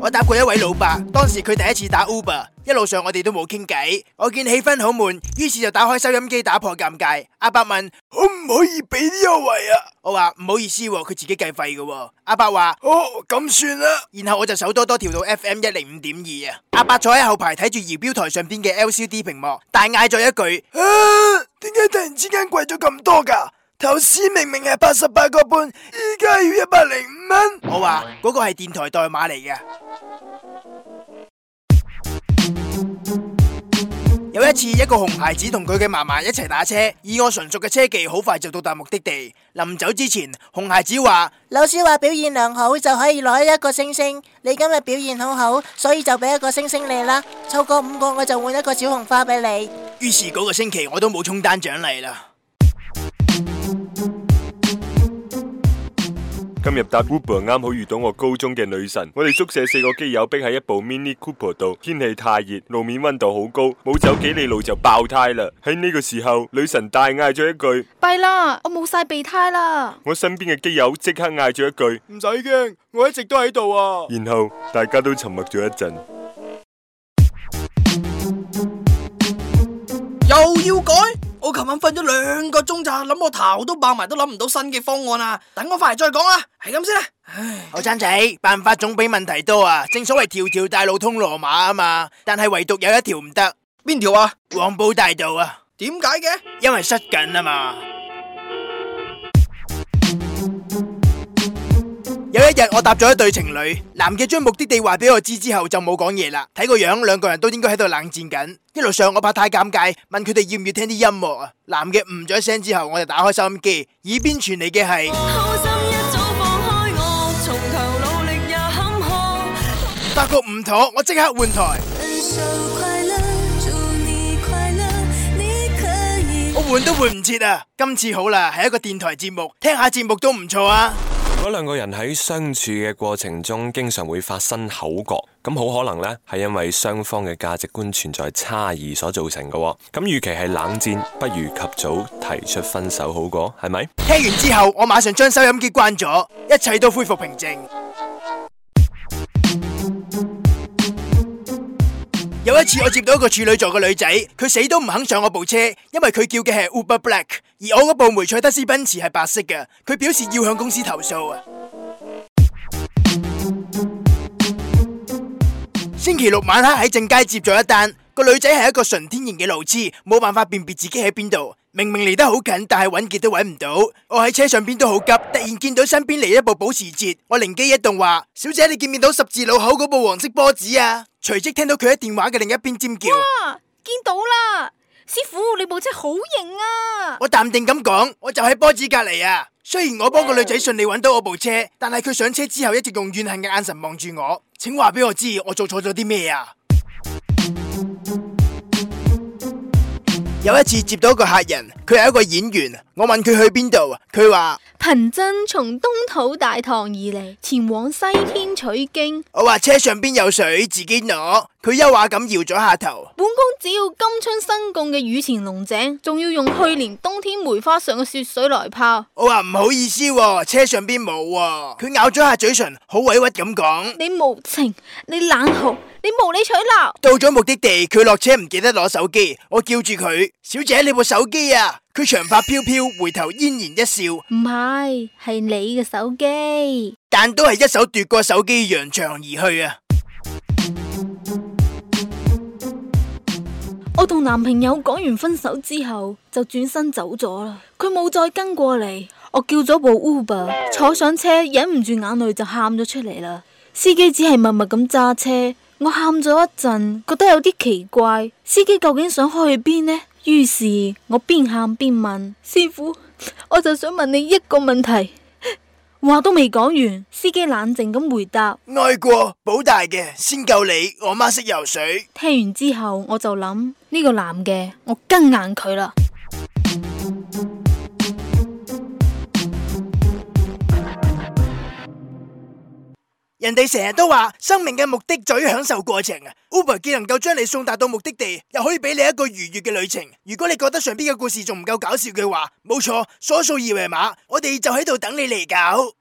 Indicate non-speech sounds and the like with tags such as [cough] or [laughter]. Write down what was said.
我搭過一位老伯，當時佢第一次打 Uber，一路上我哋都冇傾計。我見氣氛好悶，於是就打開收音機打破尷尬。阿伯問可唔可以俾啲優惠啊？我話唔好意思啊，佢自己計費噶。阿伯話哦，咁算啦，然後我就手多多調到 F M 一零五點二啊。阿伯坐喺後排睇住儀表台上邊嘅 L C D 屏幕，大嗌咗一句：啊，點解突然之間貴咗咁多噶？頭先明明係八十八個半，依家要一百零五蚊。我話嗰個係電台代碼嚟嘅。有一次，一個紅孩子同佢嘅嫲嫲一齊打車，以我純熟嘅車技好快就到達目的地。臨走之前，紅孩子話：老師話表現良好就可以攞一個星星，你今日表現好好，所以就俾一個星星你啦。湊夠五個我就換一個小紅花俾你。於是嗰個星期我都冇沖單獎勵啦。今日搭 Uber 啱好遇到我高中嘅女神，我哋宿舍四個基友逼喺一部 Mini Cooper 度，天氣太熱，路面溫度好高，冇走幾里路就爆胎啦。喺呢個時候，女神大嗌咗一句：弊啦，我冇晒備胎啦！我身邊嘅基友即刻嗌咗一句：唔使驚，我一直都喺度啊！然後大家都沉默咗一陣，又要改。我琴晚瞓咗兩個鐘咋，諗我頭都爆埋，都諗唔到新嘅方案啊！等我翻嚟再講啦，係咁先啦。唉，後生仔，辦法總比問題多啊！正所謂條條大路通羅馬啊嘛，但係唯獨有一條唔得，邊條啊？黃埔大道啊？點解嘅？因為塞緊啊嘛。有一日，我搭咗一對情侶，男嘅將目的地話俾我知之後就冇講嘢啦。睇個樣，兩個人都應該喺度冷戰緊。一路上，我怕太尷尬，問佢哋要唔要聽啲音樂啊。男嘅唔咗聲之後，我就打開收音機，耳邊傳嚟嘅係。好心一早放開我，從頭努力也坎坷。答局唔妥，我即刻換台。分手快樂，祝你快樂，你可以。我換都換唔切啊！今次好啦，係一個電台節目，聽下節目都唔錯啊。如果兩個人喺相處嘅過程中，經常會發生口角，咁好可能呢係因為雙方嘅價值觀存在差異所造成㗎。咁與其係冷戰，不如及早提出分手好過，係咪？聽完之後，我馬上將收音機關咗，一切都恢復平靜。次我接到一個處女座嘅女仔，佢死都唔肯上我部車，因為佢叫嘅係 Uber Black，而我部梅賽德斯奔馳係白色嘅，佢表示要向公司投訴啊！ [music] 星期六晚黑喺正街接咗一單，個女仔係一個純天然嘅路痴，冇辦法辨別自己喺邊度。明明離得好近，但係揾杰都揾唔到。我喺車上邊都好急，突然見到身邊嚟，一部保時捷，我靈機一動話：小姐，你見唔見到十字路口嗰部黃色波子啊？隨即聽到佢喺電話嘅另一邊尖叫：哇，見到啦，師傅，你部車好型啊！我淡定咁講：我就喺波子隔籬啊。雖然我幫個女仔順利揾到我部車，但係佢上車之後一直用怨恨嘅眼神望住我，請話俾我知我做錯咗啲咩啊！有一次接到一個客人。佢係一個演員，我問佢去邊度，佢話貧僧從東土大唐而嚟，前往西天取經。我話車上邊有水，自己攞。佢優雅咁搖咗下頭。本宮只要今春新貢嘅雨前龍井，仲要用去年冬天梅花上嘅雪水來泡。我話唔好意思啊，車上邊冇啊。佢咬咗下嘴唇，好委屈咁講：你無情，你冷酷，你無理取鬧。到咗目的地，佢落車唔記得攞手機，我叫住佢：小姐，你部手機啊！佢長髮飄飄，回頭嫣然一笑，唔係，係你嘅手機，但都係一手奪過手機，揚長而去啊！我同男朋友講完分手之後，就轉身走咗啦。佢冇再跟過嚟，我叫咗部 Uber，坐上車，忍唔住眼淚就喊咗出嚟啦。司機只係默默咁揸車，我喊咗一陣，覺得有啲奇怪，司機究竟想開去邊呢？於是我邊喊邊問師傅，我就想問你一個問題， [laughs] 話都未講完，司機冷靜咁回答：愛過保大嘅先救你，我媽識游水。聽完之後，我就諗呢個男嘅，我跟硬佢啦。人哋成日都話，生命嘅目的在於享受過程啊！Uber 既能夠將你送達到目的地，又可以畀你一個愉悅嘅旅程。如果你覺得上邊嘅故事仲唔夠搞笑嘅話，冇錯，掃一掃二維碼，我哋就喺度等你嚟搞。